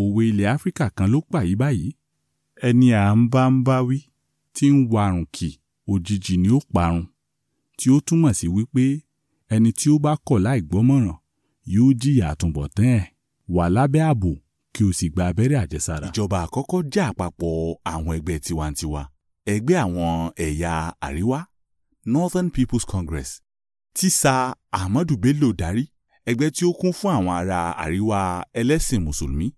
òwe ilẹ̀ áfíríkà kan ló pa yí báyìí ẹni à ń bá ń bá wí tí ń warùn kì òjijì ni ó parun tí ó túmọ̀ sí wípé ẹni tí ó bá kọ̀ láì gbọ́mọ̀ràn yóò jìyà àtúnbọ̀tán ẹ̀ wà lábẹ́ ààbò kí o sì gba abẹ́rẹ́ àjẹsára. ìjọba àkọ́kọ́ jẹ́ àpapọ̀ àwọn ẹgbẹ́ tiwantiwa ẹgbẹ́ àwọn ẹ̀yà àríwá Northern People's Congress tí Sir Ahmadu Bello darí ẹgbẹ́ tí ó kún fún àwọn ará àríwá ẹlẹ́sìn mùsùlùmí